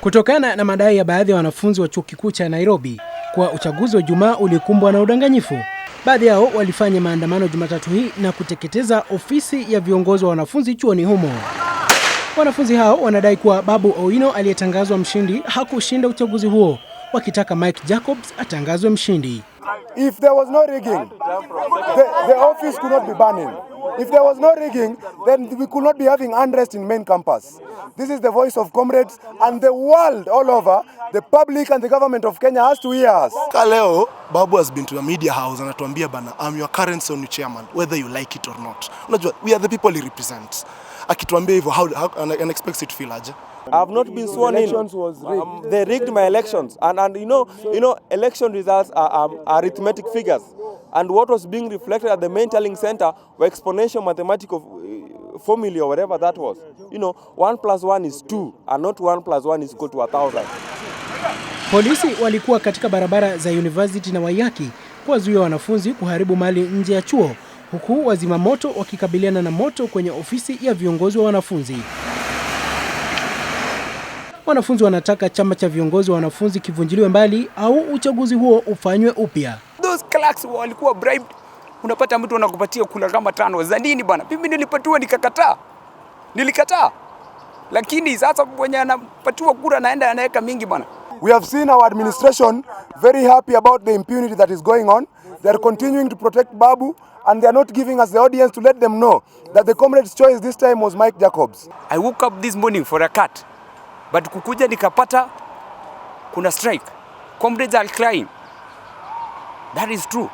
Kutokana na madai ya baadhi ya wanafunzi wa chuo kikuu cha Nairobi kwa uchaguzi wa Ijumaa ulikumbwa na udanganyifu, baadhi yao walifanya maandamano Jumatatu hii na kuteketeza ofisi ya viongozi wa wanafunzi chuoni humo. Wanafunzi hao wanadai kuwa Babu Owino aliyetangazwa mshindi hakushinda uchaguzi huo, wakitaka Mike Jacobs atangazwe mshindi. If there was no rigging, the, the office could not be burning. If there was no rigging, then we could not be having unrest in main campus. This is the voice of comrades and the world all over. The public and the government of Kenya has to hear us. Kaleo, Babu has been to the media house and atuambia bana, I'm your current Sony chairman, whether you like it or not. Unajua, we are the people he represents. Akituambia hivyo, how, how and expects it feel aje? I have not been sworn in. Rigged. Um, they rigged my elections. And, and you know, you know, election results are, are um, arithmetic figures and what was being reflected at the main telling center were exponential mathematical uh, formula or whatever that was. You know, one plus one is two, and not one plus one is equal to a thousand. Polisi walikuwa katika barabara za University na Waiyaki kuwazuia wanafunzi kuharibu mali nje ya chuo, huku wazima moto wakikabiliana na moto kwenye ofisi ya viongozi wa wanafunzi. Wanafunzi wanataka chama cha viongozi wa wanafunzi kivunjiliwe mbali au uchaguzi huo ufanywe upya clerks walikuwa bribed. Unapata mtu anakupatia kula kama tano za nini bwana? Mimi nilipatiwa nikakataa, nilikataa. Lakini sasa mwenye anapatiwa kura naenda anaweka mingi bwana. We have seen our administration very happy about the impunity that is going on. They are continuing to protect Babu and they are not giving us the audience to let them know that the comrade's choice this time was Mike Jacobs. I woke up this morning for a cut, but kukuja nikapata kuna strike. Comrades are crying. That is true.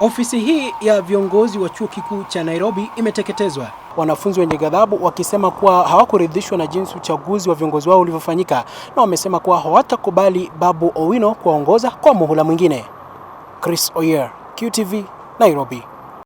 Ofisi hii ya viongozi wa chuo kikuu cha Nairobi imeteketezwa, wanafunzi wenye ghadhabu wakisema kuwa hawakuridhishwa na jinsi uchaguzi wa viongozi wao ulivyofanyika, na wamesema kuwa hawatakubali Babu Owino kuongoza kwa muhula mwingine. Chris Oyer, QTV, Nairobi.